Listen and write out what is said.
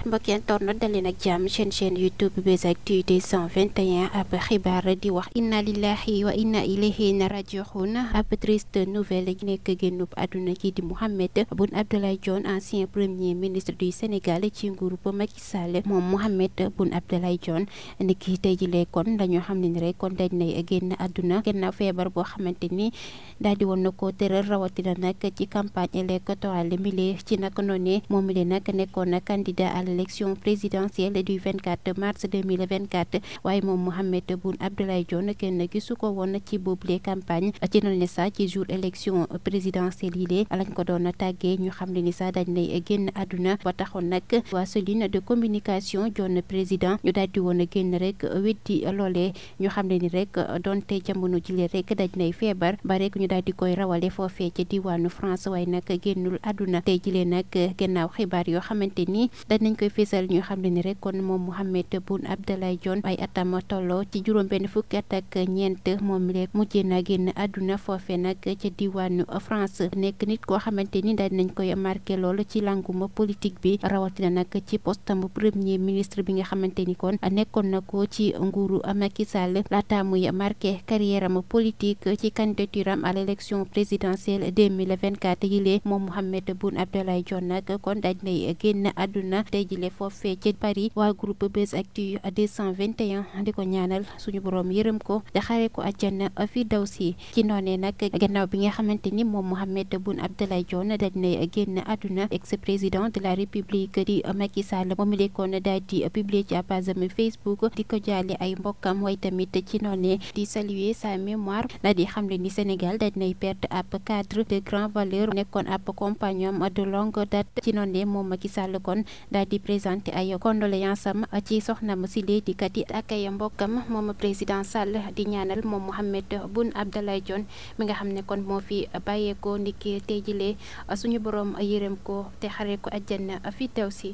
mbokki internet daleen ak jàmm seen chaîne youtube Buzz Actu 221 ab xibaar di wax inna lillahi wa inna ilayhi raji'un ab triste nouvelle nekk génnub àdduna kii di Mohamed Boun Abdallah Dionne ancien premier ministre du Sénégal ci nguuru ba moom Mohamed Boun Abdallah Dionne ni ki tey ji lee kon dañoo xam ne ni rek kon dañ nay génn àdduna gannaaw feebar boo xamante ni daal di ko tëral rawatina nag ci campagne électorale mi ci nag noonu moom mi lee nekkoon na candidat l'élection présidentielle du 24 mars 2024 waaye moom Mohamed Boun Abdallah Dionne kenn gisu ko woon ci boobule campagne ci noonu sax ci jour élection présidentielle yi lee lañ ko doon tàggee ñu xam ne ni sa dañ lay génn àdduna ba taxoon nag waa cellule de communication Dionne président ñu daal di woon génn rek weddi loolee ñu xam ne ni rek donte jamono jile rek dañ lay feebar ba rek ñu daal di koy rawale foofee ci diwaanu France waaye nag génnul àdduna tey jile nag gannaaw xibaar yoo xamante koy fésal ñu xam ne ni rek kon moom Mohamed Boun Abdallah Dionne ay atam tolloo ci juróom benn fukki ak ñeent moom mi rek na génn àdduna foofe nag ca diwaanu France nekk nit koo xamante ni daal nañ koy marqué lool ci languma politique bi rawatina nag ci postam premier ministre bi nga xamante ni kon nekkoon na ko ci nguuru Macky Sall laata muy marqué carrière ci candidature am à l' élection présidentielle 2024 yi lee moom Mohamed Boun Abdallah Dionne jile foofee ci Paris waa groupe Buzz Actu 221 di ko ñaanal suñu borom yërëm ko te xare ko àjjana fi daw ci noonee nag gannaaw bi nga xamante ni moom Mohamed Boun Abdallah Dionne dañ ne génn àdduna ex président de la République di Macky Sall moom lekkoon daal di publier Facebook di ko jaale ay mbokkam way tamit ci noonee di saluer sa mémoire daal di xamle ni Sénégal dañ nay perte ab cadre de grande valeur nekkoon ab compagnon de longue date ci noonee moom Macky présenté ay condoléances am ci ma si di kati ak ay mbokkam moom président Sall di ñaanal moom Mohamed Boun Abdallah Dionne mi nga xam ne kon moo fi bàyyeekoo ndiki te jilee suñu borom yërëm ko te xaree ko a fi teew si.